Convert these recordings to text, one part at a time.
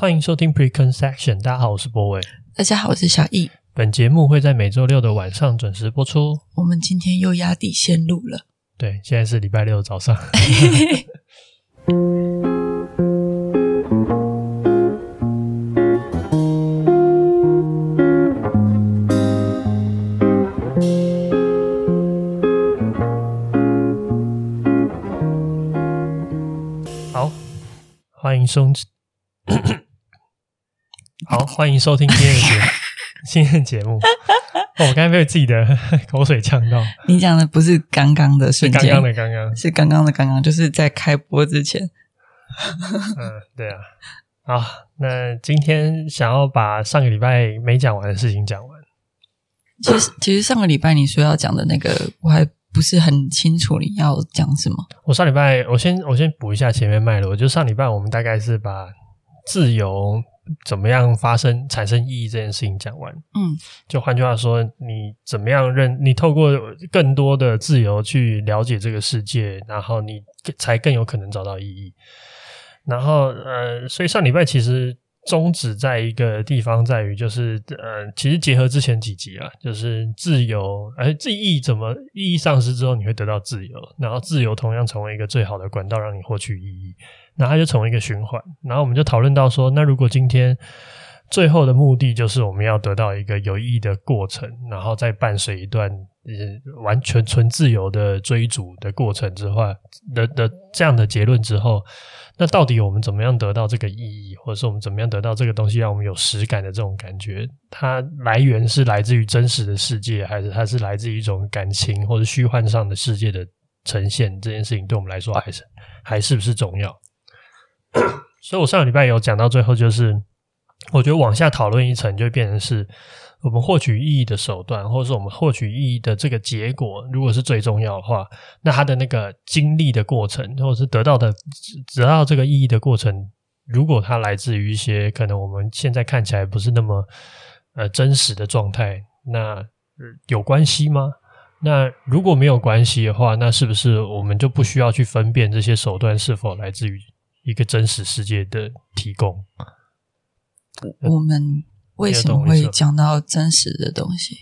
歡迎收聽 Preconception。大家好，我是波偉。大家好，我是小易。本節目會在每周六的晚上準時播出。我們今天又壓底線路了。對，現在是禮拜六的早上。 好，歡迎松咳咳好，歡迎收聽今天的節 今天的節目。哦。我剛才被自己的口水嗆到。你講的不是剛剛的瞬間，是剛剛的剛剛，是剛剛的剛剛，就是在開播之前。 嗯，對啊。好，那今天想要把上個禮拜沒講完的事情講完。其實，其實上個禮拜你說要講的那個，我還不是很清楚你要講什麼。我上禮拜，我先我先補一下前面脈絡。就上禮拜我們大概是把自由。嗯怎麼樣發生產生意義這件事情講完，嗯，就換句話說，你怎麼樣認你透過更多的自由去了解這個世界，然後你才更有可能找到意義。然後呃，所以上禮拜其實終止在一個地方，在於就是呃，其實結合之前幾集啊，就是自由，哎、呃，意義怎麼意義喪失之後你會得到自由，然後自由同樣成為一個最好的管道讓你獲取意義。那它就成為一個循環。然後我們就討論到說，那如果今天最後的目的就是我們要得到一個有意義的過程，然後再伴隨一段呃完全純自由的追逐的過程之後，的的這樣的結論之後，那到底我們怎麼樣得到這個意義，或者說我們怎麼樣得到這個東西讓我們有實感的這種感覺？它來源是來自於真實的世界，還是它是來自於一種感情或者虛幻上的世界的呈現？這件事情對我們來說還是還是不是重要？ 所以，我上個禮拜有講到最後，就是我覺得往下討論一層，就會變成是我們獲取意義的手段，或者是我們獲取意義的這個結果，如果是最重要的話，那它的那個經歷的過程，或者是得到的得到這個意義的過程，如果它來自於一些可能我們現在看起來不是那麼呃真實的狀態，那有關係嗎？那如果沒有關係的話，那是不是我們就不需要去分辨這些手段是否來自於？一個真實世界的提供。啊，我們為什麼會講到真實的東西？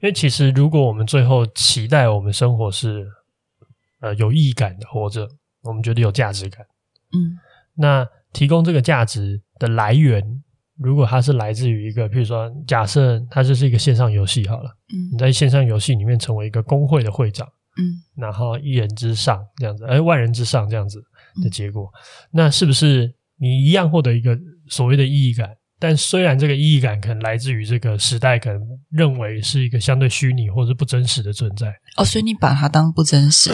因為其實如果我們最後期待我們生活是呃有意義感的活着，我們覺得有價值感，嗯，那提供這個價值的來源，如果它是來自於一個，譬如說，假設它就是一個線上遊戲好了，嗯，你在線上遊戲裡面成為一個公會的會長，嗯，然後一人之上這樣子，哎、呃，萬人之上這樣子。的結果，那是不是你一樣獲得一個所謂的意義感？但雖然這個意義感可能來自於這個時代，可能認為是一個相對虛擬或者是不真實的存在。哦，所以你把它當不真實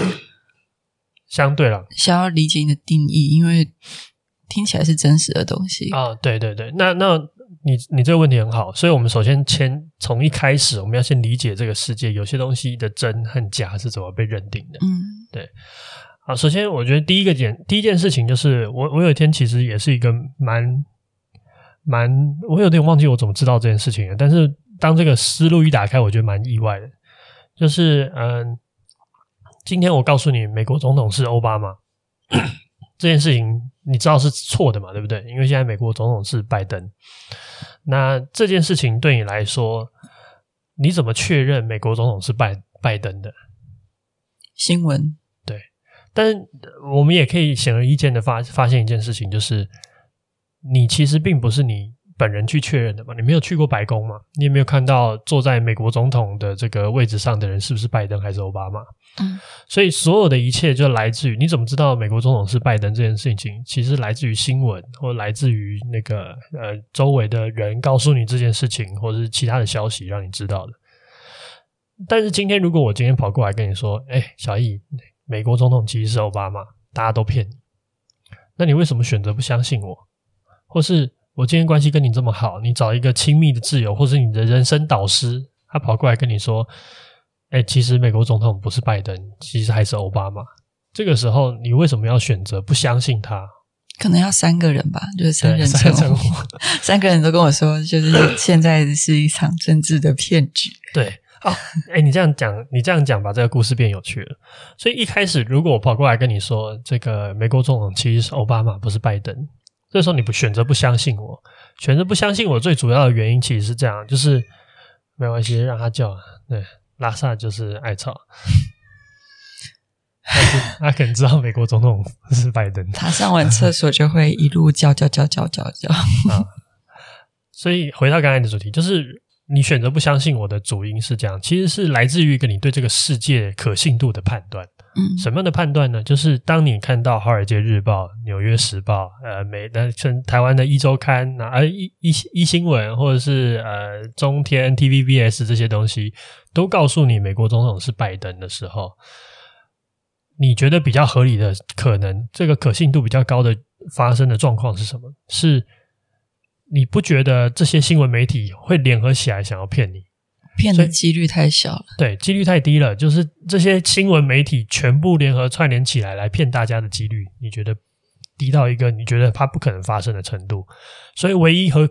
？相對了，想要理解你的定義，因為聽起來是真實的東西。哦，對對對，那那你你這個問題很好，所以我們首先先從一開始，我們要先理解這個世界，有些東西的真和假是怎麼被認定的。嗯，對。啊，首先我覺得第一個點，第一件事情就是我我有一天其實也是一個蠻蠻，我有點忘記我怎麼知道這件事情的。但是當這個思路一打開，我覺得蠻意外的，就是嗯，今天我告訴你美國總統是奧巴馬 這件事情，你知道是錯的嘛，對不對？因為現在美國總統是拜登，那這件事情對你來說，你怎麼確認美國總統是拜拜登的？新聞。但是我們也可以顯而易見的發發現一件事情，就是你其實並不是你本人去確認的嘛，你沒有去過白宮嘛，你也沒有看到坐在美國總統的這個位置上的人是不是拜登還是奧巴馬。嗯，所以所有的一切就來自於你怎麼知道美國總統是拜登這件事情，其實來自於新聞，或者來自於那個呃周圍的人告訴你這件事情，或者是其他的消息讓你知道的。但是今天如果我今天跑過來跟你說，哎，小易。美國總統其實是奧巴馬，大家都騙你。那你為什麼選擇不相信我？或是我今天關係跟你這麼好，你找一個親密的摯友，或是你的人生導師，他跑過來跟你說：“哎、欸，其實美國總統不是拜登，其實還是奧巴馬。”這個時候，你為什麼要選擇不相信他？可能要三個人吧，就是三個人，三，人 三個人都跟我說，就是現在是一場政治的騙局。 對。啊、哦，哎，你這樣講，你這樣講，把這個故事變有趣了。所以一開始，如果我跑過來跟你說，這個美國總統其實是奧巴馬，不是拜登，這時候你不選擇不相信我，選擇不相信我，最主要的原因其實是這樣，就是沒關係，讓他叫，啊。對，拉薩就是愛吵。 但是他可能知道美國總統是拜登， 他上完廁所就會一路叫叫叫叫叫叫。 哦、所以回到剛才的主題，就是。你選擇不相信我的主因是這樣，其實是來自於一個你對這個世界可信度的判斷。嗯，什麼樣的判斷呢？就是當你看到《華爾街日報》《紐約時報》呃，美、那、台灣的一周刊啊，啊，一、一、一新聞，或者是呃，中天 TVBS 這些東西，都告訴你美國總統是拜登的時候，你覺得比較合理的可能，這個可信度比較高的發生的狀況是什麼？是？你不覺得這些新聞媒體會聯合起來想要騙你？騙的幾率太小了，對，幾率太低了。就是這些新聞媒體全部聯合串聯起來來騙大家的幾率，你覺得低到一個你覺得它不可能發生的程度。所以唯一和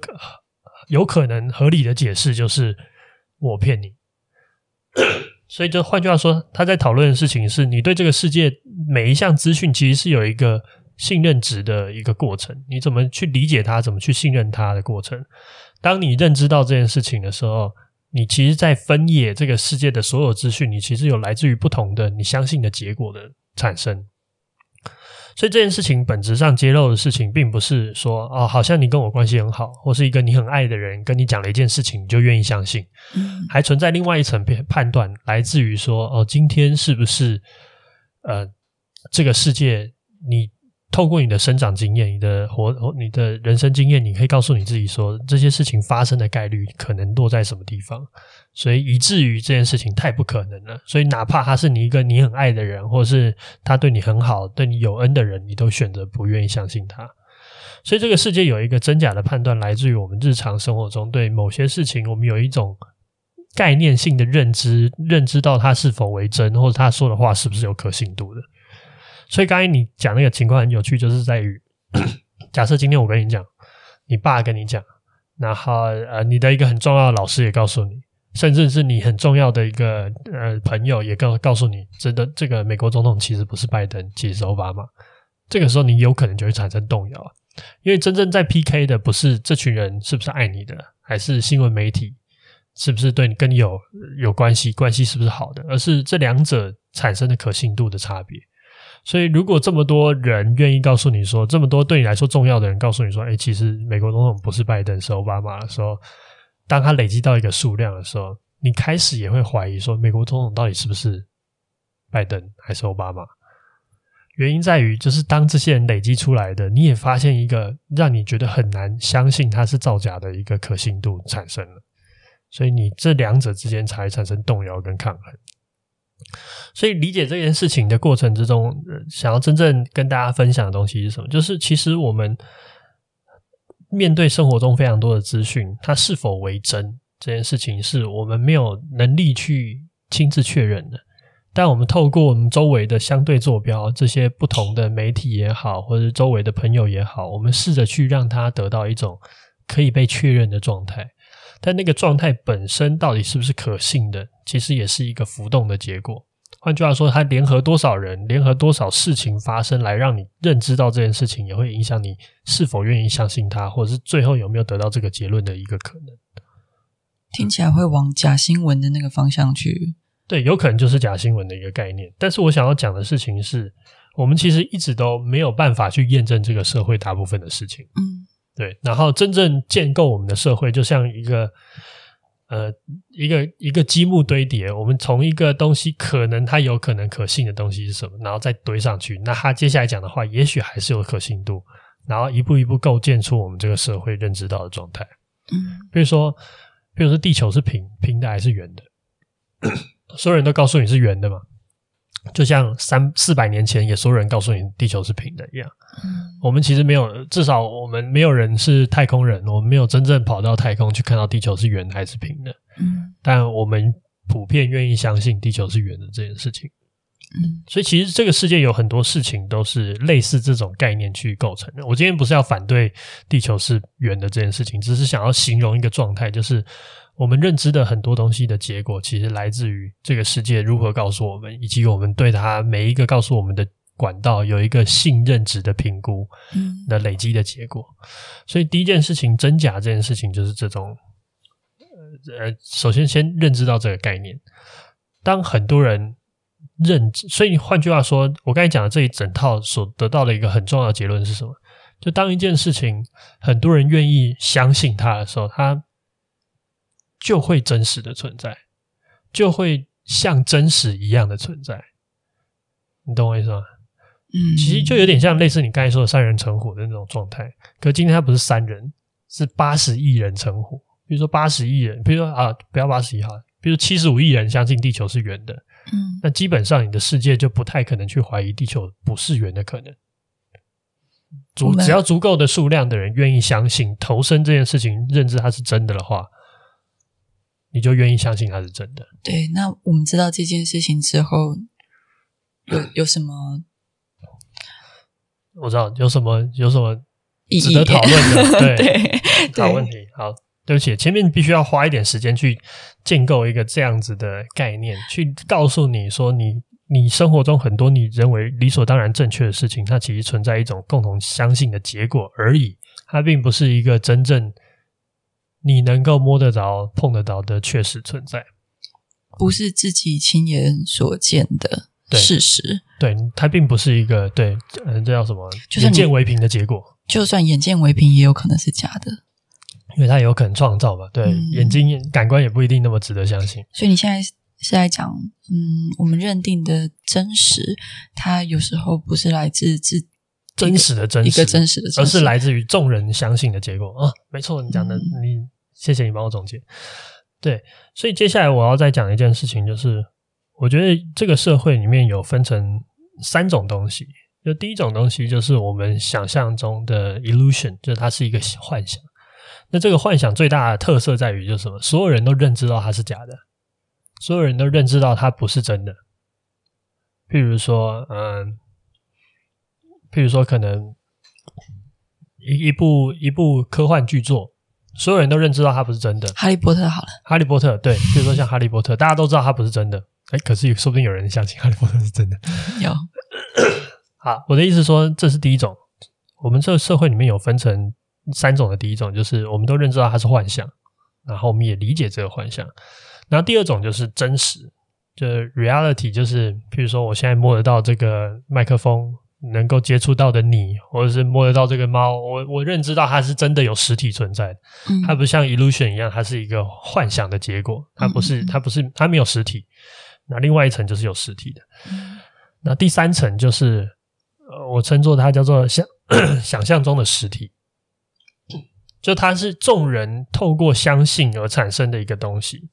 有可能合理的解釋就是我騙你。 所以就換句話說，他在討論的事情是你對這個世界每一項資訊其實是有一個。信任值的一個過程，你怎麼去理解他？怎麼去信任他的過程？當你認知到這件事情的時候，你其實在分野這個世界的所有資訊，你其實有來自於不同的你相信的結果的產生。所以這件事情本質上揭露的事情，並不是說哦，好像你跟我關係很好，或是一個你很愛的人跟你講了一件事情，你就願意相信。嗯。還存在另外一層判判斷，來自於說哦，今天是不是呃，這個世界你。透過你的生長經驗，你的活，你的人生經驗，你可以告訴你自己說，這些事情發生的概率可能落在什麼地方，所以以至於這件事情太不可能了。所以，哪怕他是你一個你很愛的人，或是他對你很好、對你有恩的人，你都選擇不願意相信他。所以，這個世界有一個真假的判斷，來自於我們日常生活中對某些事情，我們有一種概念性的認知，認知到他是否為真，或者他說的話是不是有可信度的。所以剛才你講那個情況很有趣，就是在於， 假設今天我跟你講，你爸跟你講，然後呃，你的一個很重要的老師也告訴你，甚至是你很重要的一個呃朋友也告告訴你，真的，這個美國總統其實不是拜登，其實是奧巴馬。這個時候你有可能就會產生動搖，因為真正在 PK 的不是這群人是不是愛你的，還是新聞媒體是不是對你跟你有有關係，關係是不是好的，而是這兩者產生的可信度的差別。所以，如果這麼多人願意告訴你說，這麼多對你來說重要的人告訴你說，哎，其實美國總統不是拜登，是奧巴馬的時候，當他累積到一個數量的時候，你開始也會懷疑說，美國總統到底是不是拜登還是奧巴馬？原因在於，就是當這些人累積出來的，你也發現一個讓你覺得很難相信他是造假的一個可信度產生了，所以你這兩者之間才產生動搖跟抗衡。所以，理解這件事情的過程之中，想要真正跟大家分享的東西是什麼？就是，其實我們面對生活中非常多的資訊，它是否為真這件事情，是我們沒有能力去親自確認的。但我們透過我們周圍的相對坐標，這些不同的媒體也好，或者周圍的朋友也好，我們試着去讓它得到一種可以被確認的狀態。但那個狀態本身到底是不是可信的，其實也是一個浮動的結果。換句話說，它聯合多少人，聯合多少事情發生，來讓你認知到這件事情，也會影響你是否願意相信它，或者是最後有沒有得到這個結論的一個可能。聽起來會往假新聞的那個方向去。對，有可能就是假新聞的一個概念。但是我想要講的事情是，我們其實一直都沒有辦法去驗證這個社會大部分的事情。嗯。對，然後真正建構我們的社會，就像一個呃，一個一個積木堆疊。我們從一個東西，可能它有可能可信的東西是什麼，然後再堆上去。那它接下來講的話，也許還是有可信度。然後一步一步構建出我們這個社會認知到的狀態。嗯，比如說，比如說，地球是平平的還是圓的？ 所有人都告訴你是圓的嘛。就像三四百年前也所有人告訴你地球是平的一樣，我們其實沒有，至少我們沒有人是太空人，我們沒有真正跑到太空去看到地球是圓還是平的。但我們普遍願意相信地球是圓的這件事情。所以其實這個世界有很多事情都是類似這種概念去構成的。我今天不是要反對地球是圓的這件事情，只是想要形容一個狀態，就是。我們認知的很多東西的結果，其實來自於這個世界如何告訴我們，以及我們對它每一個告訴我們的管道，有一個信任值的評估的累積的結果。所以，第一件事情，真假這件事情，就是這種呃，首先先認知到這個概念。當很多人認知，所以你換句話說，我剛才講的這一整套所得到的一個很重要的結論是什麼？就當一件事情，很多人願意相信他的時候，他。就會真實的存在，就會像真實一樣的存在，你懂我意思嗎？嗯，其實就有點像類似你剛才說的三人成虎的那種狀態。可是今天他不是三人，是八十億人成虎。比如說八十億人，比如說啊，不要八十億哈，比如說七十五億人相信地球是圓的，嗯，那基本上你的世界就不太可能去懷疑地球不是圓的可能。足只要足夠的數量的人願意相信、投身這件事情、認知它是真的的話。你就願意相信它是真的？對。那我們知道這件事情之後，有有什，有什麼？我知道有什麼有什麼值得討論的，對 對？對，好問題。好，對不起，前面必須要花一點時間去建構一個這樣子的概念，去告訴你說你，你你生活中很多你認為理所當然正確的事情，它其實存在一種共同相信的結果而已，它並不是一個真正。你能夠摸得着、碰得着的，確實存在，不是自己親眼所見的事實。對，對它並不是一個對，嗯、呃，這叫什麼就算？眼見為憑的結果。就算眼見為憑，也有可能是假的，因為它有可能創造嘛。對、嗯，眼睛感官也不一定那麼值得相信。所以你現在是在講，嗯，我們認定的真實，它有時候不是來自自真實的真實，一個真實的真實，而是來自於眾人相信的結果啊。沒錯，你講的、嗯、你。謝謝你幫我總結。對，所以接下來我要再講一件事情，就是我覺得這個社會裡面有分成三種東西。就第一種東西就是我們想象中的 illusion，就是它是一個幻想。那這個幻想最大的特色在於，就是什麼？所有人都認知到它是假的，所有人都認知到它不是真的。譬如說，嗯、呃，譬如說，可能一一部一部科幻巨作。所有人都認知到它不是真的。哈利波特好了，哈利波特對，比如說像哈利波特，大家都知道它不是真的。誒、欸、可是有說不定有人相信哈利波特是真的。有。 好，我的意思是說，這是第一種。我們這個社會裡面有分成三種的第一種，就是我們都認知到它是幻想，然後我們也理解這個幻想。那第二種就是真實，就是 reality，就是譬如說我現在摸得到這個麥克風。能夠接觸到的你，或者是摸得到這個貓，我我認知到它是真的有實體存在的，它、嗯、不像 illusion 一樣，它是一個幻想的結果，它不是它不是它沒有實體。那另外一層就是有實體的，嗯、那第三層就是呃，我稱作它叫做想 想象中的實體，就它是眾人透過相信而產生的一個東西，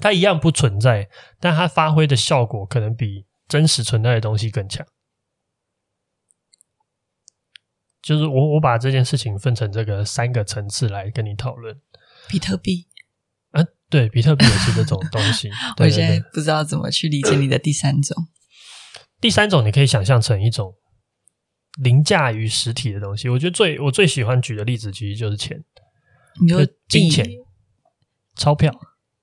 它一樣不存在，但它發揮的效果可能比真實存在的東西更強。就是我，我把這件事情分成這個三個層次來跟你討論。比特幣啊，對，比特幣也是這種東西 我對對對，我現在不知道怎麼去理解你的第三種。 第三種你可以想象成一種凌駕於實體的東西。我覺得最，我最喜歡舉的例子其實就是錢，你說就金錢、D、鈔票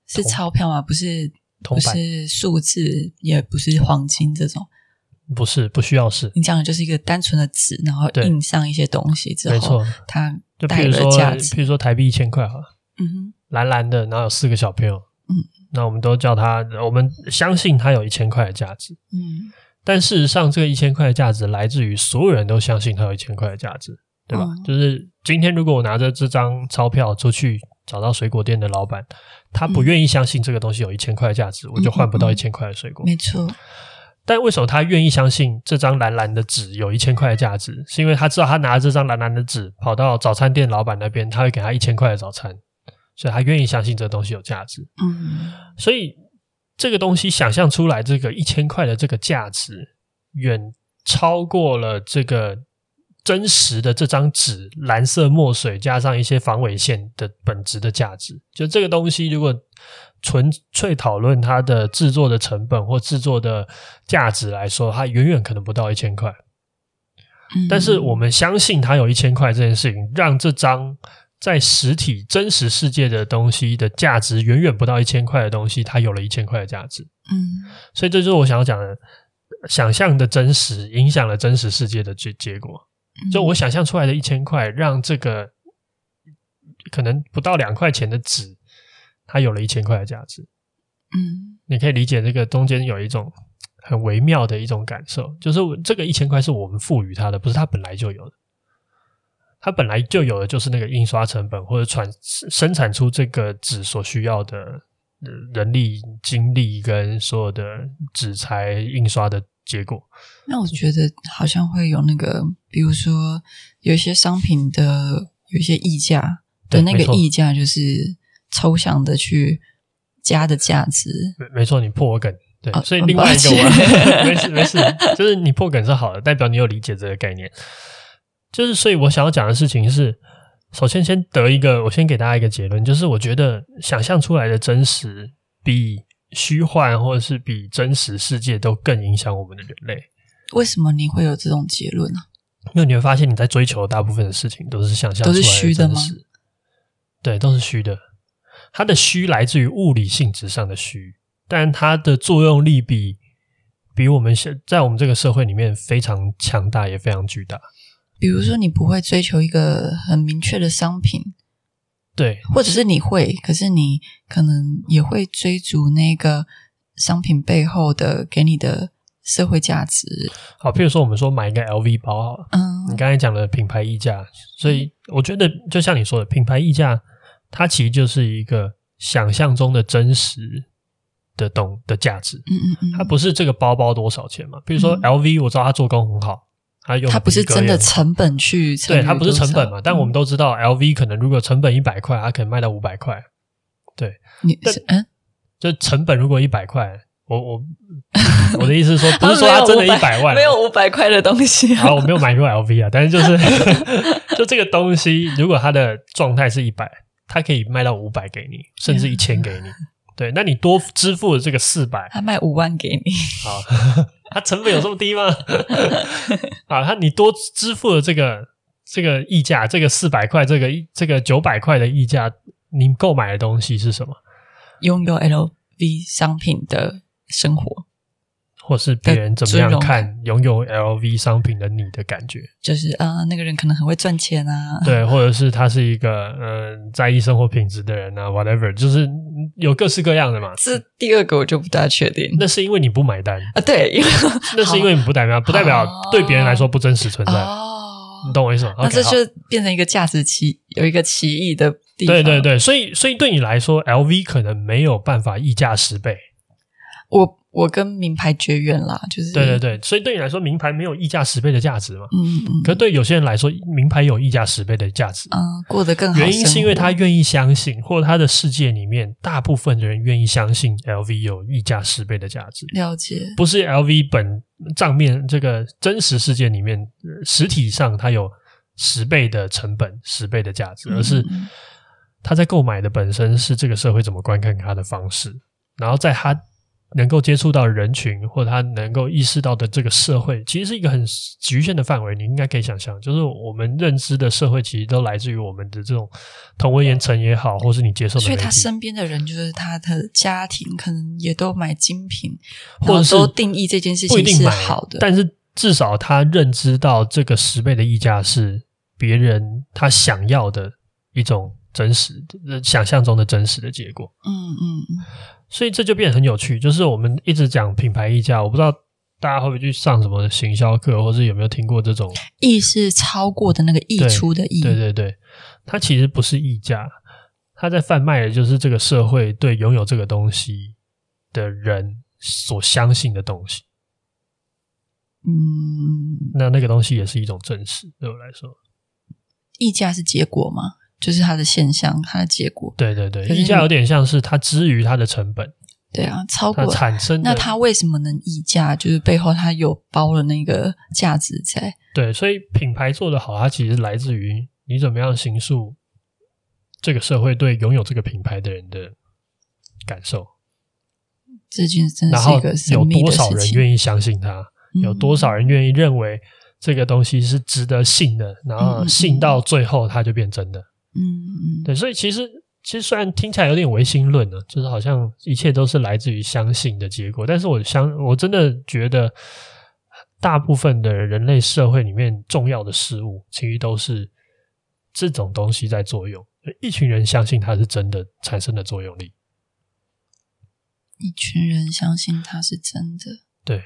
是鈔票嗎？不是同班，不是數字，也不是黃金這種。不是，不需要是。你講的就是一個單純的紙，然後印上一些東西之後，沒錯，它帶了價值。比如說，比如說台幣一千塊，哈嗯哼，藍藍的，然後有四個小朋友，嗯，那我們都叫它，我們相信它有一千塊的價值，嗯。但事實上，這個一千塊的價值來自於所有人都相信它有一千塊的價值，對吧？嗯、就是今天，如果我拿着這張鈔票出去找到水果店的老板，他不願意相信這個東西有一千塊的價值，嗯、我就換不到一千塊的水果，嗯、沒錯。但為什麼他願意相信這張藍藍的紙有一千塊的價值？是因為他知道他拿了這張藍藍的紙跑到早餐店老板那邊，他會給他一千塊的早餐，所以他願意相信這東西有價值。嗯，所以這個東西想象出來這個一千塊的這個價值，遠超過了這個真實的這張紙、藍色墨水加上一些防偽線的本質的價值。就這個東西，如果純粹討論它的製作的成本或製作的價值來說，它遠遠可能不到一千塊。嗯，但是我們相信它有一千塊這件事情，讓這張在實體真實世界的東西的價值遠遠不到一千塊的東西，它有了一千塊的價值。嗯，所以這就是我想要講的：想象的真實影響了真實世界的結結果。就我想象出來的一千塊，讓這個可能不到兩塊錢的紙。它有了一千塊的價值，嗯，你可以理解這個中間有一種很微妙的一種感受，就是這個一千塊是我們賦予它的，不是它本來就有的。它本來就有的就是那個印刷成本或者產生產出這個紙所需要的人力、精力跟所有的紙材印刷的結果。那我覺得好像會有那個，比如說有一些商品的有一些溢價、嗯、的那個溢價就是。抽象的去加的價值，沒沒錯，你破我梗，對、哦，所以另外一個，沒事沒事，沒事 就是你破梗是好的，代表你有理解這個概念。就是，所以我想要講的事情是，首先先得一個，我先給大家一個結論，就是我覺得想象出來的真實比虛幻，或者是比真實世界都更影響我們的人類。為什麼你會有這種結論呢、啊？因為你會發現，你在追求的大部分的事情都是想象出來的真實，都是虛的嗎？對，都是虛的。它的虛來自於物理性質上的虛，但它的作用力比比我們現在我們這個社會裡面非常強大，也非常巨大。比如說，你不會追求一個很明確的商品，對，或者是你會，可是你可能也會追逐那個商品背後的給你的社會價值。好，譬如說我們說買一個 LV 包好了，嗯，你剛才講的品牌溢價，所以我覺得就像你說的品牌溢價。它其實就是一個想象中的真實的懂的價值，嗯嗯嗯，它不是這個包包多少錢嘛？比如說 L V，我知道它做工很好，它用它不是真的成本去成，對，它不是成本嘛？但我們都知道 L V 可能如果成本一百塊，它可能賣到五百塊。對，你嗯，就成本如果一百塊，我我 我的意思是說不是說它真的一、啊啊、百萬，沒有五百塊的東西、啊。好、啊，我沒有買過 L V 啊，但是就是 就這個東西，如果它的狀態是一百。它可以賣到五百給你，甚至一千給你，嗯。對，那你多支付了這個四百，它賣五萬給你。好，呵呵，它成本有這麼低嗎？啊， 它你多支付了這個這個溢價，這個四百塊，這個這個九百塊的溢價，你購買的東西是什麼？擁有 LV 商品的生活。或是別人怎麼樣看擁有 LV 商品的你的感覺，就是啊，那個人可能很會賺錢啊。對，或者是他是一個呃在意生活品質的人啊，whatever，就是有各式各樣的嘛。這第二個我就不大確定，那是因為你不買單啊。對，因為那是因為你不代表不代表對別人來說不真實存在。哦，你懂我意思嗎？那這就變成一個價值奇有一個奇異的地方。對對對，對，所以所以對你來說，LV 可能沒有辦法溢價十倍。我我跟名牌絕緣了，就是對對對，所以對你來說，名牌沒有溢價十倍的價值嘛。嗯，嗯，可是對有些人來說，名牌有溢價十倍的價值。嗯，過得更好。原因是因為他願意相信，或者他的世界裡面，大部分的人願意相信 LV 有溢價十倍的價值。了解，不是 LV 本賬面，這個真實世界裡面實體上它有十倍的成本、十倍的價值，而是他，嗯、在購買的本身是這個社會怎麼觀看他的方式，然後在他能夠接觸到人群，或者他能夠意識到的這個社會，其實是一個很局限的範圍。你應該可以想象，就是我們認知的社會，其實都來自於我們的這種同溫層也好、嗯，或是你接受的。所以他身邊的人，就是他的家庭，可能也都買精品，或者說定，定義這件事情是好的。但是至少他認知到這個十倍的溢價是別人他想要的一種真實的、想象中的真實的結果。嗯嗯。所以這就變得很有趣，就是我們一直講品牌溢價，我不知道大家會不會去上什麼行銷課，或是有沒有聽過這種溢是超過的那個溢出的溢。對對對，它其實不是溢價，它在販賣的就是這個社會對擁有這個東西的人所相信的東西。嗯，那那個東西也是一種真實，對我來說，溢價是結果嗎？就是它的現象，它的結果。對對對，溢價有點像是它之於它的成本。對啊，超過他產生的，那它為什麼能溢價？就是背後它有包了那個價值在。對，所以品牌做得好，它其實來自於你怎麼樣形塑這個社會對擁有這個品牌的人的感受，這句真的是一個神秘的事情。有多少人願意相信它？嗯嗯，有多少人願意認為這個東西是值得信的？嗯嗯嗯，然後信到最後，它就變真的。嗯嗯，對，所以其實其實雖然聽起來有點唯心論啊，就是好像一切都是來自於相信的結果，但是我相我真的覺得，大部分的人類社會裡面重要的事物，其實都是這種東西在作用，一群人相信它是真的產生的作用力，一群人相信它是真的，對。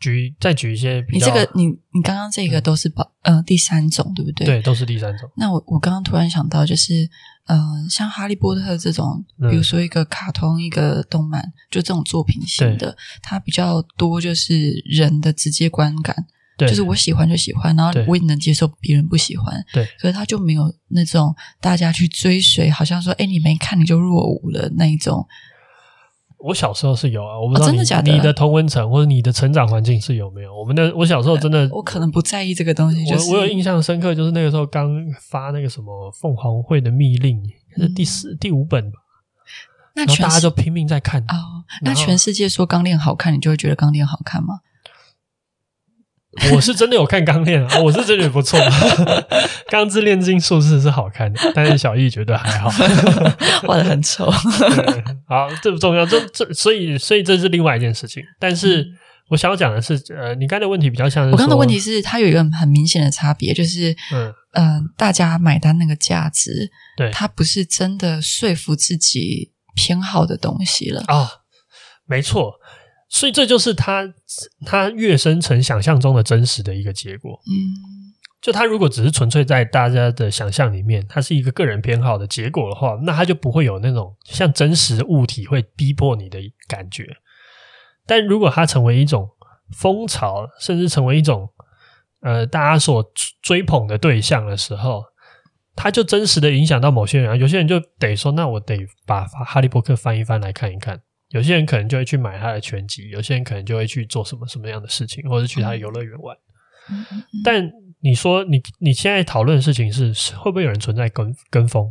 舉再舉一些，你這個你你剛剛這個都是保、嗯、呃第三種對不對？對，都是第三種。那我我剛剛突然想到，就是呃像哈利波特這種，比如說一個卡通一個動漫、嗯，就這種作品型的，它比較多就是人的直接觀感。對，就是我喜歡就喜歡，然後我也能接受別人不喜歡。對，可是它就沒有那種大家去追隨，好像說誒你沒看你就落伍了那一種。我小時候是有啊，我不知道你、哦、真的假的、的、的、你的同溫層或者你的成長環境是有沒有。我們的我小時候真的，我可能不在意這個東西、就是。我我有印象深刻，就是那個時候剛發那個什麼鳳凰會的密令，是第四、嗯、第五本吧。那全大家就拼命在看，哦、那全哦、那全世界說《鋼鍊》好看，你就會覺得《鋼鍊》好看嗎？ 我是真的有看鋼鏈啊，哦，我是真覺得不錯。 鋼之煉金術士是好看的，但是小易覺得還好，畫 的得很醜。 好，這不重要，這這所以所以這是另外一件事情。但是我想要講的是，呃，你剛才的問題比較像是我剛，剛的問題是，它有一個很明顯的差別，就是嗯，呃，大家買單那個價值，對，它不是真的說服自己偏好的東西了啊，哦，沒錯。所以這就是他他越深層想象中的真實的一個結果。嗯，就他如果只是純粹在大家的想象裡面，他是一個個人偏好的結果的話，那他就不會有那種像真實物體會逼迫你的感覺。但如果他成為一種風潮，甚至成為一種呃大家所追捧的對象的時候，他就真實的影響到某些人，啊，有些人就得說：“那我得把《哈利波特》翻一翻來看一看。”有些人可能就會去買他的全集，有些人可能就會去做什麼什麼樣的事情，或者去他的遊樂園玩。嗯，嗯，嗯，但你說你你現在討論的事情是會不會有人存在跟跟風？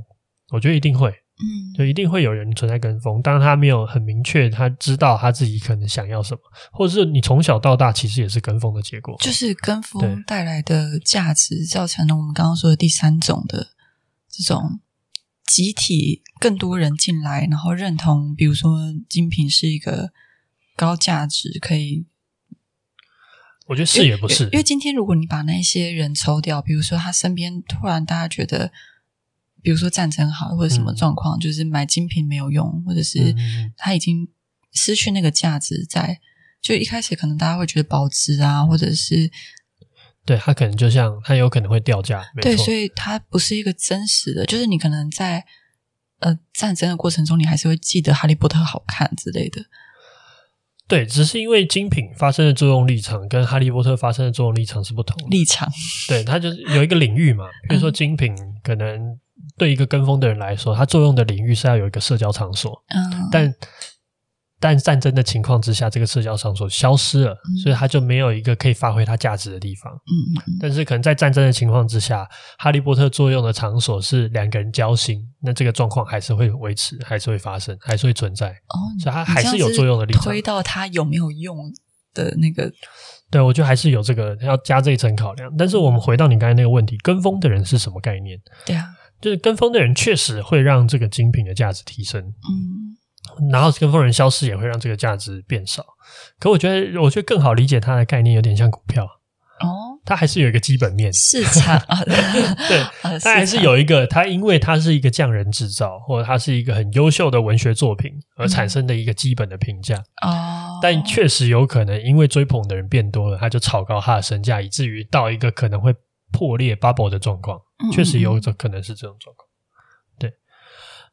我覺得一定會，嗯，就一定會有人存在跟風，當然他沒有很明確，他知道他自己可能想要什麼，或者是你從小到大其實也是跟風的結果，就是跟風帶來的價值造成了我們剛剛說的第三種的這種。集體更多人進來，然後認同，比如說精品是一個高價值，可以，我覺得是也不是因，因為今天如果你把那些人抽掉，比如說他身邊突然大家覺得，比如說戰爭好或者什麼狀況，嗯，就是買精品沒有用，或者是他已經失去那個價值在，在就一開始可能大家會覺得保值啊，或者是。對，它可能就像它有可能會掉價，對，所以它不是一個真實的。就是你可能在呃戰爭的過程中，你還是會記得《哈利波特》好看之類的。對，只是因為精品發生的作用立場跟《哈利波特》發生的作用立場是不同的立場。對，它就是有一個領域嘛。比如說，精品可能對一個跟風的人來說，嗯，它作用的領域是要有一個社交場所。嗯，但。但戰爭的情況之下，這個社交場所消失了、嗯，所以他就沒有一個可以發揮他價值的地方。嗯，嗯嗯。但是可能在戰爭的情況之下，哈利波特作用的場所是兩個人交心，那這個狀況還是會維持，還是會發生，還是會存在。哦，所以它還是有作用的地方。推到它有沒有用的那個？對，我覺得還是有這個要加這一層考量。但是我們回到你剛才那個問題，跟風的人是什麼概念？對啊，就是跟風的人確實會讓這個精品的價值提升。嗯。然後跟風人消失也會讓這個價值變少，可我覺得，我覺得更好理解它的概念有點像股票，哦，它還是有一個基本面市場 對，它、哦、還是有一個，它因為它是一個匠人制造，或者它是一個很優秀的文學作品、嗯、而產生的一個基本的評價哦，但確實有可能因為追捧的人變多了，它就炒高它的身價，以至於到一個可能會破裂 bubble 的狀況，嗯嗯嗯，確實有一種可能是這種狀況，對，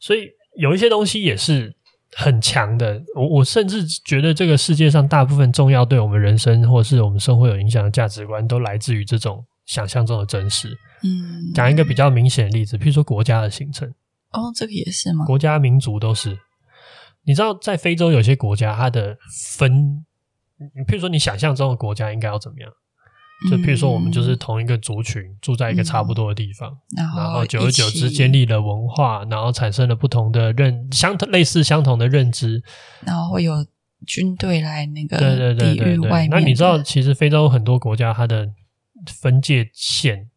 所以有一些東西也是。很強的，我我甚至覺得這個世界上大部分重要對我們人生或者是我們生活有影響的價值觀，都來自於這種想象中的真實。嗯，講一個比較明顯的例子，譬如說國家的形成。哦，這個也是嗎？國家、民族都是。你知道，在非洲有些國家，它的分，譬如說你想象中的國家應該要怎麼樣？就譬如說，我們就是同一個族群、嗯，住在一個差不多的地方、嗯，然後久而久之建立了文化，然後，然後產生了不同的認，相類似相同的認知，然後會有軍隊來那個抵禦外面，對對對對對。那你知道，其實非洲很多國家它的分界線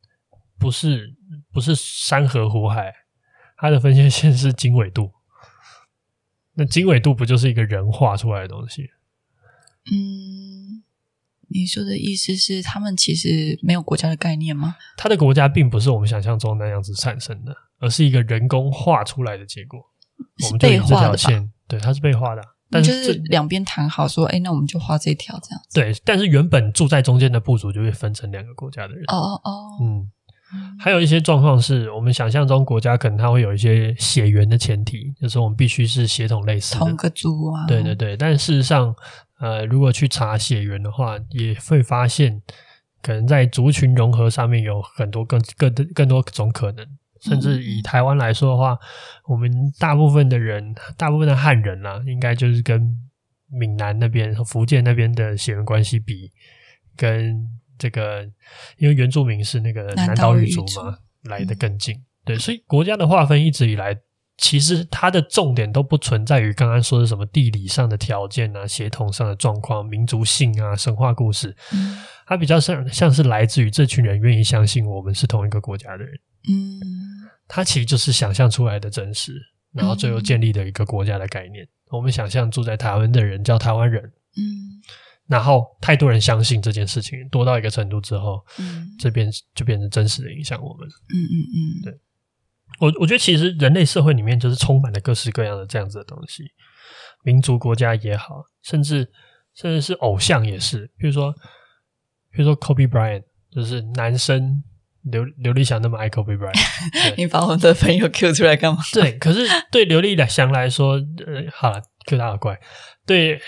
不是不是山河湖海，它的分界線是經緯度。那經緯度不就是一個人畫出來的東西？嗯。你說的意思是，他們其實沒有國家的概念嗎？他的國家並不是我們想象中那樣子產生的，而是一個人工畫出來的結果。我們對這條線，對，它是被畫的。但是，就是兩邊談好說，哎，那我們就畫這一條，這樣子。對，但是原本住在中間的部族就會分成兩個國家的人。哦哦哦，嗯。還有一些狀況是我們想象中，國家可能它會有一些血緣的前提，就是我們必須是血統類似的同個族啊。對對對，但事實上，呃，如果去查血緣的話，也會發現，可能在族群融合上面有很多更更更多種可能。甚至以台灣來說的話，嗯、我們大部分的人，大部分的漢人吶、啊，應該就是跟閩南那邊、福建那邊的血緣關係比跟。這個，因為原住民是那個南島語族嘛，族來的更近，嗯，對，所以國家的劃分一直以來，其實它的重點都不存在於剛剛說的什麼地理上的條件啊、協同上的狀況、民族性啊、神話故事，嗯、它比較像像是來自於這群人願意相信我們是同一個國家的人，嗯，它其實就是想象出來的真實，然後最後建立的一個國家的概念，嗯。我們想象住在台灣的人叫台灣人，嗯。然後太多人相信這件事情，多到一個程度之後，嗯，這邊就變成真實的影響我們。嗯嗯嗯，對。我我覺得其實人類社會裡面就是充滿了各式各樣的這樣子的東西，民族國家也好，甚至甚至是偶像也是。嗯、比如說，比如說 Kobe Bryant，就是男生劉劉立祥那麼愛 Kobe Bryant， 你把我們的朋友 cue 出來幹嘛？對， 可是對劉立祥來說，呃，好了，就大的怪對。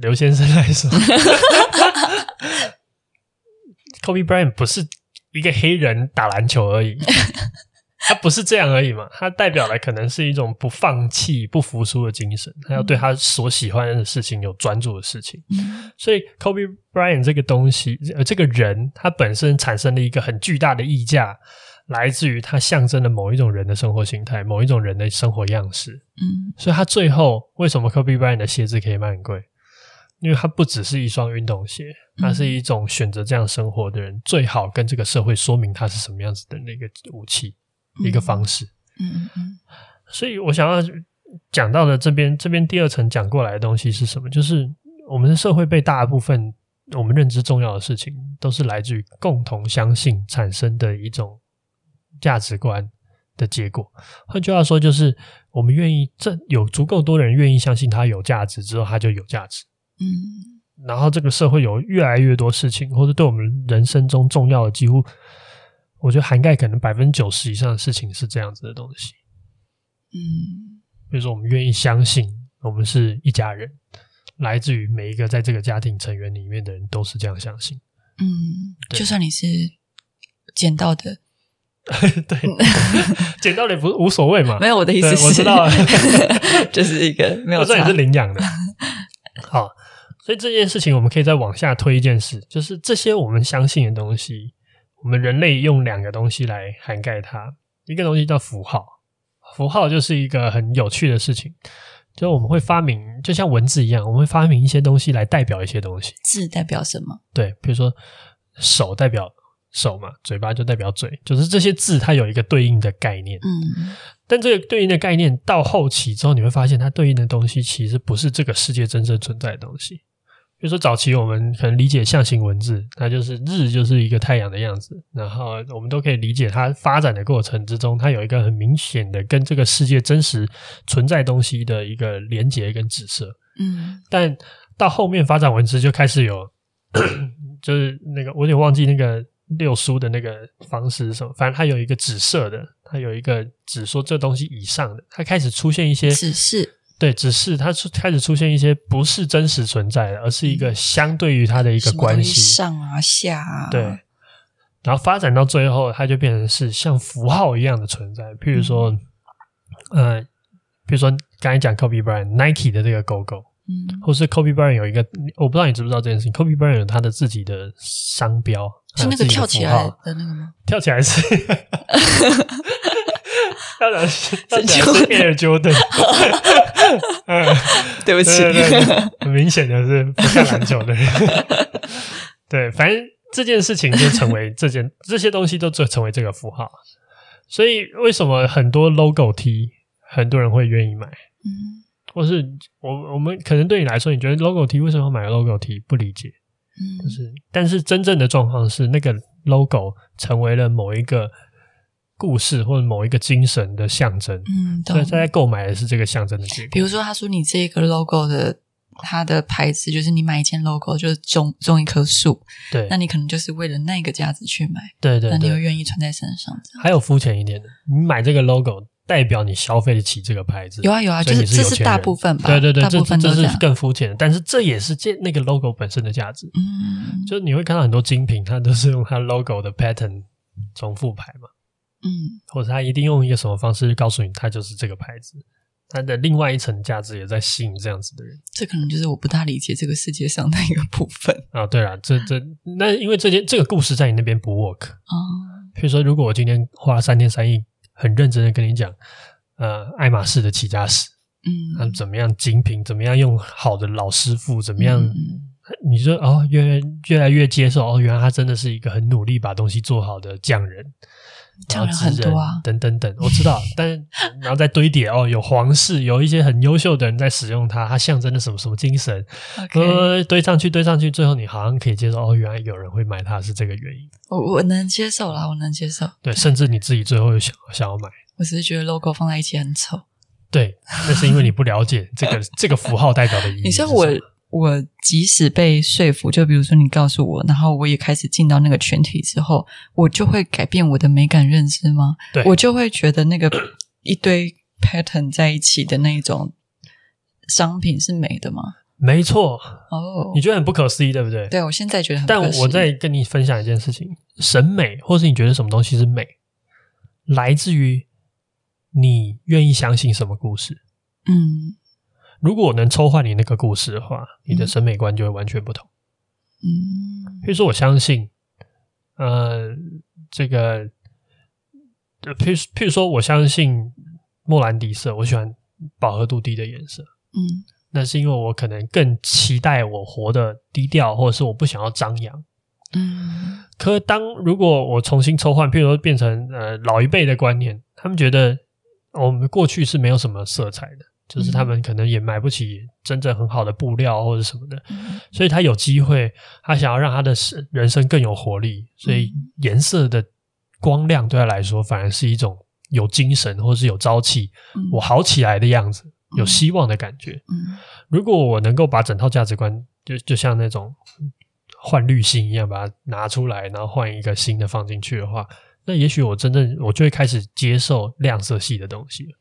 劉先生來說 ，Kobe Bryant 不是一個黑人打籃球而已，他不是這樣而已嘛？他代表了可能是一種不放棄、不服輸的精神，他要對他所喜歡的事情有專注的事情。所以，Kobe Bryant 這個東西，這個人他本身產生了一個很巨大的溢價，來自於他象徵了某一種人的生活形態，某一種人的生活樣式。嗯，所以他最後為什麼 Kobe Bryant 的鞋子可以賣很貴？因為它不只是一雙運動鞋，它是一種選擇這樣生活的人、嗯、最好跟這個社會說明他是什麼樣子的那個武器，嗯、一個方式。嗯嗯，所以我想要講到的這邊，這邊第二層講過來的東西是什麼？就是我們的社會被大部分我們認知重要的事情，都是來自於共同相信產生的一種價值觀的結果。換句話說，就是我們願意這有足夠多的人願意相信它有價值之後，它就有價值。嗯，然後這個社會有越來越多事情，或者對我們人生中重要的，幾乎我覺得涵蓋可能百分之九十以上的事情是這樣子的東西。嗯，比如說我們願意相信我們是一家人，來自於每一個在這個家庭成員裡面的人都是這樣相信。嗯，就算你是撿到的， 對，撿 到 也不是無所謂嘛。沒有，我的意思是，我知道， 就是一個沒有。我知道你是領養的， 好。所以這件事情，我們可以再往下推一件事，就是這些我們相信的東西，我們人類用兩個東西來涵蓋它，一個東西叫符號，符號就是一個很有趣的事情，就我們會發明，就像文字一樣，我們會發明一些東西來代表一些東西。字代表什麼？對，比如說手代表手嘛，嘴巴就代表嘴，就是這些字它有一個對應的概念。嗯，但這個對應的概念到後期之後，你會發現它對應的東西其實不是這個世界真正存在的東西。就是早期我們可能理解象形文字，它就是日就是一個太陽的樣子，然後我們都可以理解它發展的過程之中，它有一個很明顯的跟這個世界真實存在東西的一個連接跟指涉。嗯。但到後面發展文字就開始有， 就是那個我有點忘記那個六書的那個方式是什麼，反正它有一個指涉的，它有一個只說這東西以上的，它開始出現一些指涉。對，只是它出開始出現一些不是真實存在的，而是一個相對於它的一個關係。上啊，下啊。對，然後發展到最後，它就變成是像符號一樣的存在。比如說，嗯、呃，比如說剛才講 Kobe Bryant Nike 的這個勾勾。嗯，或是 Kobe Bryant 有一個，我不知道你知不知道這件事情，Kobe Bryant 有他的自己的商標，是那個跳起來的那個嗎？跳起來是。當 然是，是講 Air Jordan，嗯，對不起，很明顯的，是不看籃球的人。 對，反正這件事情就成為這件這些東西都做成為這個符號。所以，為什麼很多 Logo T，很多人會願意買？或是我我們可能對你來說，你覺得 Logo T 為什麼要買 Logo T 不理解？就是，但是真正的狀況是，那個 Logo 成為了某一個。故事或者某一個精神的象徵，嗯，對，所以他在購買的是這個象徵的結果。比如說，他說：“你這個 logo 的，它的牌子就是你買一件 logo，就是種種一棵樹。”對，那你可能就是為了那個價值去買，對對，對，對，那你會願意穿在身上。還有膚淺一點的，你買這個 logo 代表你消費得起這個牌子。有啊有啊，就是這是大部分吧。對對對，大部分都這，這是更膚淺的，但是這也是這那個 logo 本身的價值。嗯，就是你會看到很多精品，它都是用它 logo 的 pattern 重複排嘛。嗯，或者他一定用一個什麼方式告訴你，他就是這個牌子，他的另外一層價值也在吸引這樣子的人。這可能就是我不大理解這個世界上的一個部分啊、哦。對了，這這那因為這件這個故事在你那邊不 work 啊。比、哦、如說，如果我今天花了三天三夜，很認真的跟你講，呃，愛馬仕的起家史，嗯，他怎麼樣精品，怎麼樣用好的老師傅，怎麼樣，嗯、你說哦，越越來越接受哦，原來他真的是一個很努力把東西做好的匠人。講了很多，啊，等等等，我知道，但然後再堆疊 哦，有皇室，有一些很優秀的人在使用它，它象徵了什麼什麼精神，okay. 呃、堆上去，堆上去，最後你好像可以接受哦，原來有人會買它是這個原因。我我能接受啦，我能接受。對，甚至你自己最後有想 想要買，我只是，是覺得 logo 放在一起很醜。對，那是因為你不了解 這個這個符號代表的意義。你像我，我即使被說服，就比如說你告訴我，然後我也開始進到那個群體之後，我就會改變我的美感認知嗎？對，我就會覺得那個一堆 pattern 在一起的那種商品是美的嗎？沒錯，哦、oh，你覺得很不可思議，對不對？對，我現在覺得很不可思議。但我再跟你分享一件事情：審美，或是你覺得什麼東西是美，來自於你願意相信什麼故事？嗯。如果我能抽換你那個故事的話，你的審美觀就會完全不同。嗯，譬如說我相信，呃，這個，呃、譬如譬如說，我相信莫蘭迪色，我喜歡飽和度低的顏色。嗯，那是因為我可能更期待我活得低調，或者是我不想要張揚。嗯，可當如果我重新抽換，譬如說變成呃老一輩的觀念，他們覺得、哦、我們過去是沒有什麼色彩的。就是他們可能也買不起真正很好的布料或者什麼的，所以他有機會，他想要讓他的人生更有活力，所以顏色的光亮對他來說反而是一種有精神或是有朝氣，我好起來的樣子，有希望的感覺。如果我能夠把整套價值觀就就像那種換濾芯一樣把它拿出來，然後換一個新的放進去的話，那也許我真正我就會開始接受亮色系的東西了。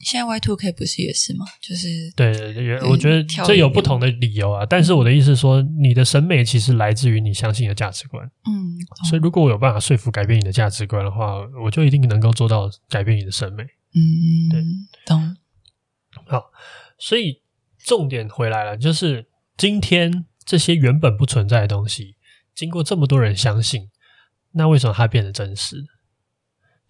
現在 Y2K 不是也是嗎？就是對，對，對，我覺得這有不同的理由啊。嗯，但是我的意思說，你的審美其實來自於你相信的價值觀。嗯，所以如果我有辦法說服改變你的價值觀的話，我就一定能夠做到改變你的審美。嗯，對，懂。好，所以重點回來了，就是今天這些原本不存在的東西，經過這麼多人相信，那為什麼它變得真實？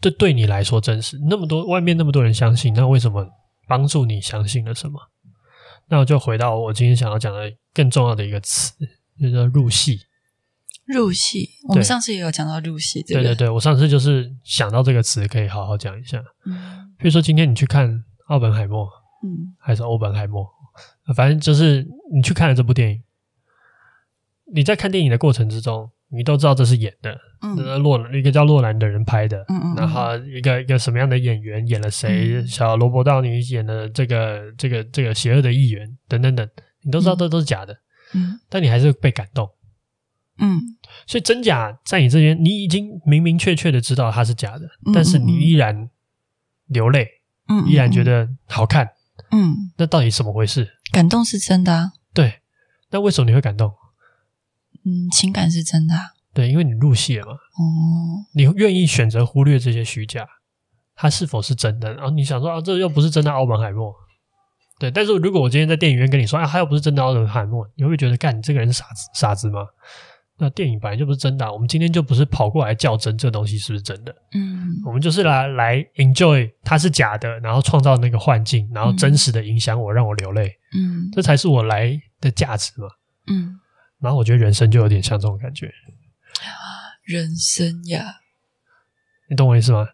這對,對你來說真實那麼多，外面那麼多人相信，那為什麼幫助你相信了什麼？那我就回到我今天想要講的更重要的一個詞，就是入戲。入戲，我們上次也有講到入戲。對，對對對，我上次就是想到這個詞，可以好好講一下。嗯，比如說今天你去看《奧本海默》，嗯，還是《歐本海默》，反正就是你去看了這部電影，你在看電影的過程之中，你都知道這是演的，嗯，這個、諾一個叫諾蘭的人拍的，嗯嗯、然後一個一個什麼樣的演員演了誰，嗯？小勞勃道尼演了這個這個、這個、這個邪惡的議員等等等，你都知道這都是假的，嗯，但你還是被感動，嗯，所以真假在你這邊，你已經明明確確的知道它是假的、嗯，但是你依然流淚，嗯，依然覺得好看，嗯，那到底怎麼回事？感動是真的，啊，對，那為什麼你會感動？嗯，情感是真的、啊。對，因為你入戲了嘛。哦，你願意選擇忽略這些虛假，它是否是真的？然、哦、後你想說啊，這又不是真的奧本海默。對，但是如果我今天在電影院跟你說啊，他又不是真的奧本海默，你會不會覺得幹你這個人是傻子傻子嗎？那電影本來就不是真的、啊，我們今天就不是跑過來較真這個東西是不是真的？嗯，我們就是來來 enjoy 它是假的，然後創造那個幻境，然後真實的影響我，嗯、讓我流淚。嗯，這才是我來的價值嘛。嗯。然後我覺得人生就有點像這種感覺，人生呀，你懂我意思嗎？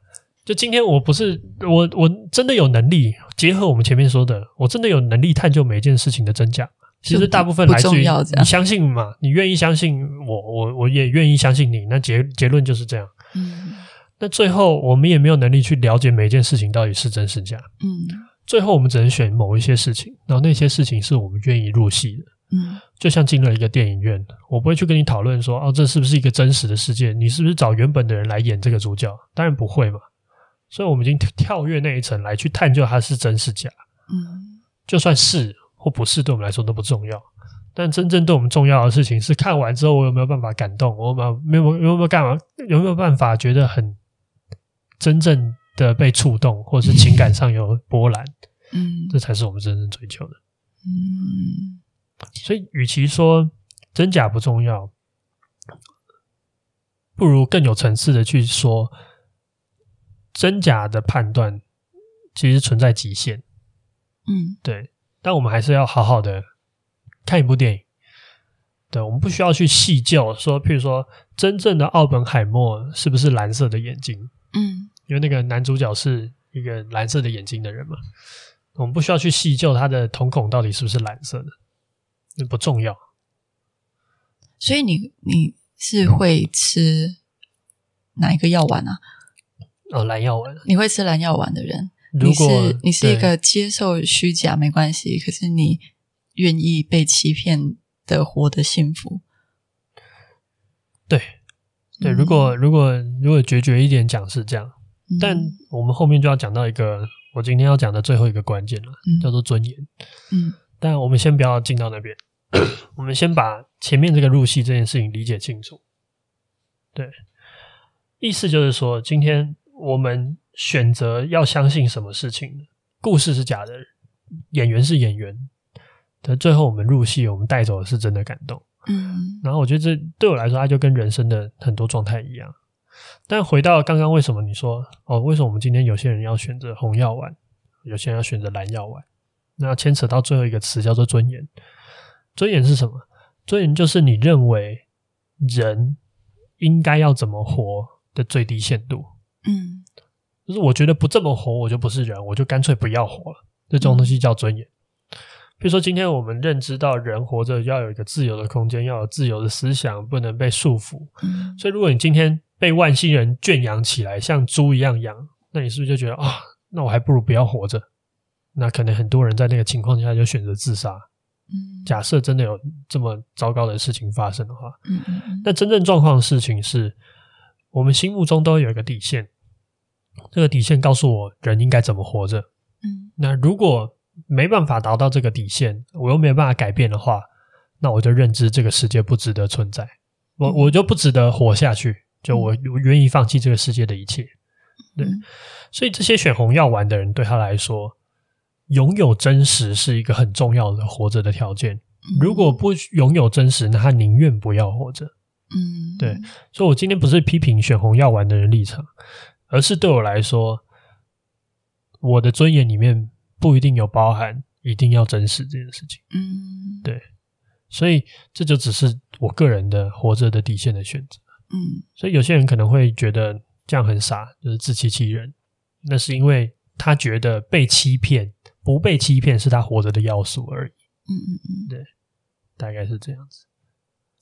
就今天我不是我，我真的有能力結合我們前面說的，我真的有能力探究每件事情的真假是不。其實大部分來自於你相信嘛，你願意相信我，我我也願意相信你。那結結論就是這樣。嗯。那最後我們也沒有能力去了解每件事情到底是真是假。嗯。最後我們只能選某一些事情，然後那些事情是我們願意入戲的。就像進了一個電影院，我不會去跟你討論說，哦，這是不是一個真實的世界？你是不是找原本的人來演這個主角？當然不會嘛。所以，我們已經跳躍那一層來去探究它是真是假。嗯，就算是或不是，對我們來說都不重要。但真正對我們重要的事情是，看完之後我有沒有辦法感動？我有沒有有沒有有沒有幹嘛？有沒有辦法覺得很真正的被觸動，或者是情感上有波瀾？嗯，這才是我們真正追求的。嗯。所以，與其說真假不重要，不如更有層次的去說，真假的判斷其實存在極限。嗯，對。但我們還是要好好的看一部電影。對，我們不需要去細究說，譬如說，真正的奧本海默是不是藍色的眼睛？嗯，因為那個男主角是一個藍色的眼睛的人嘛。我們不需要去細究他的瞳孔到底是不是藍色的。那不重要，所以你你是會吃哪一個藥丸啊？哦，藍藥丸，你會吃藍藥丸的人，如果你是，你是一個接受虛假沒關係，可是你願意被欺騙的活得幸福。對對，如果、嗯、如果如果，如果決絕一點講是這樣、嗯，但我們後面就要講到一個我今天要講的最後一個關鍵了，叫做尊嚴。嗯。嗯但我們先不要進到那邊， 我們先把前面這個入戲這件事情理解清楚。對，意思就是說，今天我們選擇要相信什麼事情？故事是假的，演員是演員，但最後我們入戲，我們帶走的是真的感動。嗯。然後我覺得這對我來說，它就跟人生的很多狀態一樣。但回到剛剛，為什麼你說，哦，為什麼我們今天有些人要選擇紅藥丸，有些人要選擇藍藥丸？那要牽扯到最後一個詞叫做尊嚴，尊嚴是什麼？尊嚴就是你認為人應該要怎麼活的最低限度。嗯，就是我覺得不這麼活，我就不是人，我就乾脆不要活了。這種東西叫尊嚴。嗯、比如說，今天我們認知到人活着要有一個自由的空間，要有自由的思想，不能被束縛。嗯、所以，如果你今天被外星人圈養起來，像豬一樣養，那你是不是就覺得啊、哦，那我還不如不要活着？那可能很多人在那個情況下就選擇自殺。嗯，假設真的有這麼糟糕的事情發生的話，嗯，那真正狀況的事情是，我們心目中都有一個底線，這個底線告訴我人應該怎麼活着。嗯，那如果沒辦法達到這個底線，我又沒有辦法改變的話，那我就認知這個世界不值得存在，我我就不值得活下去，就我我願意放棄這個世界的一切。對，所以這些選紅藥丸的人對他來說。擁有真實是一個很重要的活着的條件。如果不擁有真實，那他寧願不要活着。嗯，對。所以，我今天不是批評選紅藥丸的人立場，而是對我來說，我的尊嚴裡面不一定有包含一定要真實這件事情。嗯，對。所以，這就只是我個人的活着的底線的選擇。嗯，所以有些人可能會覺得這樣很傻，就是自欺欺人。那是因為他覺得被欺騙，不被欺騙是他活着的要素而已。嗯嗯嗯，對，大概是這樣子。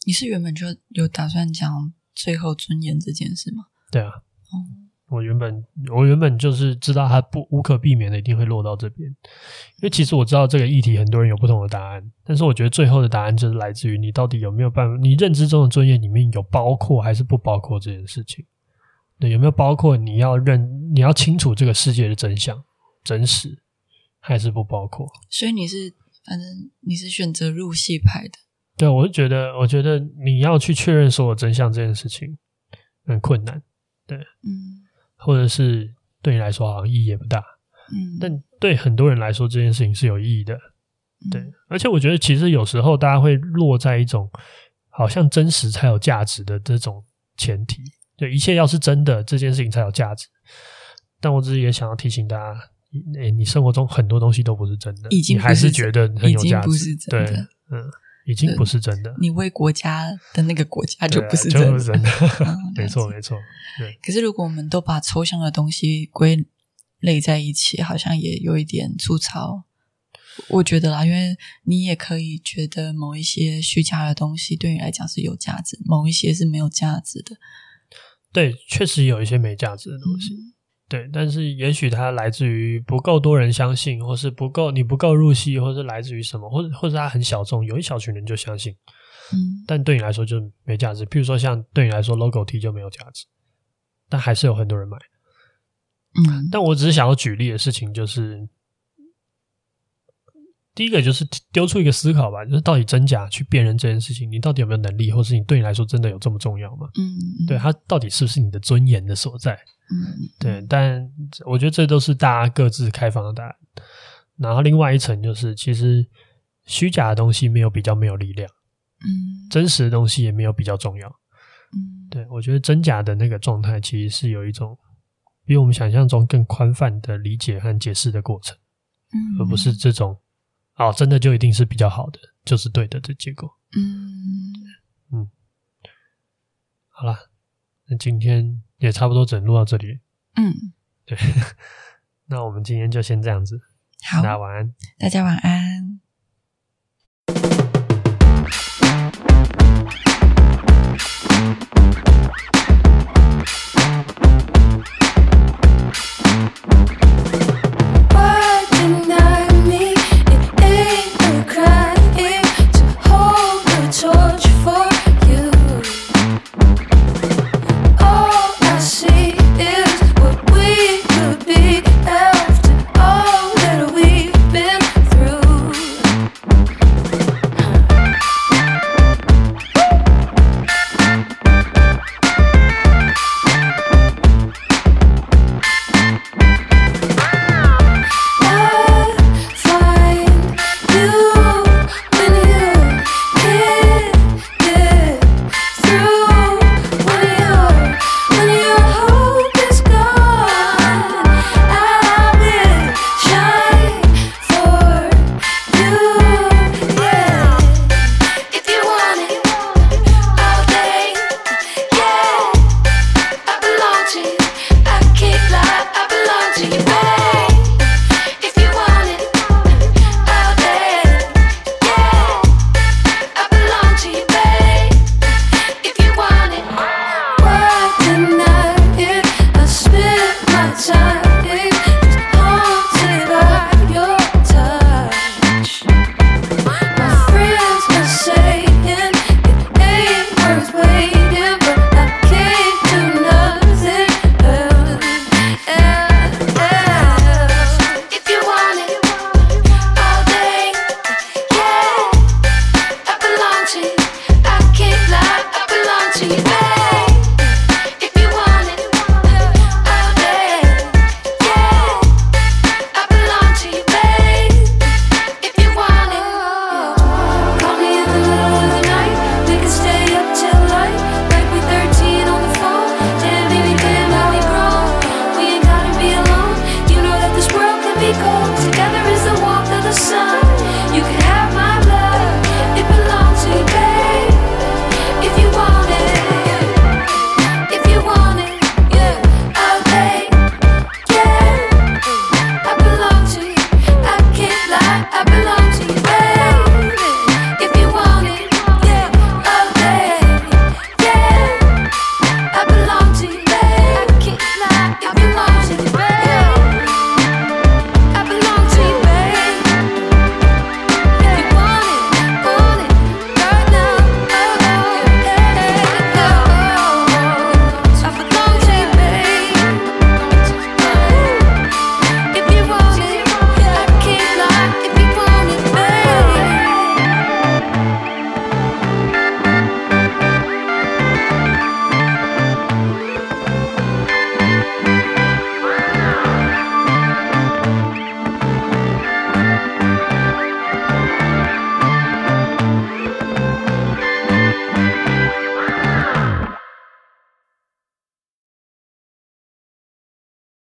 你是原本就有打算講最後尊嚴這件事嗎？對啊，哦、嗯，我原本我原本就是知道他不無可避免的一定會落到這邊，因為其實我知道這個議題很多人有不同的答案，但是我覺得最後的答案就是來自於你到底有沒有辦法，你認知中的尊嚴裡面有包括還是不包括這件事情？對，有沒有包括你要認，你要清楚這個世界的真相，真實。還是不包括，所以你是反正你是選擇入戲派的，對，我是覺得，我覺得你要去確認所有真相這件事情很困難，對，嗯，或者是對你來說好像意義也不大，嗯，但對很多人來說這件事情是有意義的、嗯，對，而且我覺得其實有時候大家會落在一種好像真實才有價值的這種前提，對，一切要是真的，這件事情才有價值，但我只是也想要提醒大家。你你生活中很多東西都不是真的，已經不是你還是覺得很有價值，對，嗯，已經不是真的。你為國家的那個國家就不是真的，啊是真的嗯，沒錯沒錯。對，可是如果我們都把抽象的東西歸類在一起，好像也有一點粗糙。我覺得啦，因為你也可以覺得某一些虛假的東西對你來講是有價值，某一些是沒有價值的。對，確實有一些沒價值的東西。嗯對，但是也許它來自於不夠多人相信，或是不夠你不夠入戲，或是來自於什麼，或者或者它很小眾，有一小群人就相信，嗯，但對你來說就沒價值。譬如說，像對你來說，logo T 就沒有價值，但還是有很多人買，嗯。但我只是想要舉例的事情就是。第一個就是丟出一個思考吧，就是到底真假去辨認這件事情，你到底有沒有能力，或是你對你來說真的有這麼重要嗎？嗯，嗯，對，它到底是不是你的尊嚴的所在？嗯，嗯，對。但我覺得這都是大家各自開放的答案。然後另外一層就是，其實虛假的東西沒有比較沒有力量，嗯，真實的東西也沒有比較重要，嗯，嗯，對。我覺得真假的那個狀態其實是有一種比我們想象中更寬泛的理解和解釋的過程，嗯，嗯，而不是這種。哦，真的就一定是比較好的，就是對的這結果。嗯嗯，好了，那今天也差不多整錄到這裡。嗯，對， 那我們今天就先這樣子。好，大家晚安。大家晚安。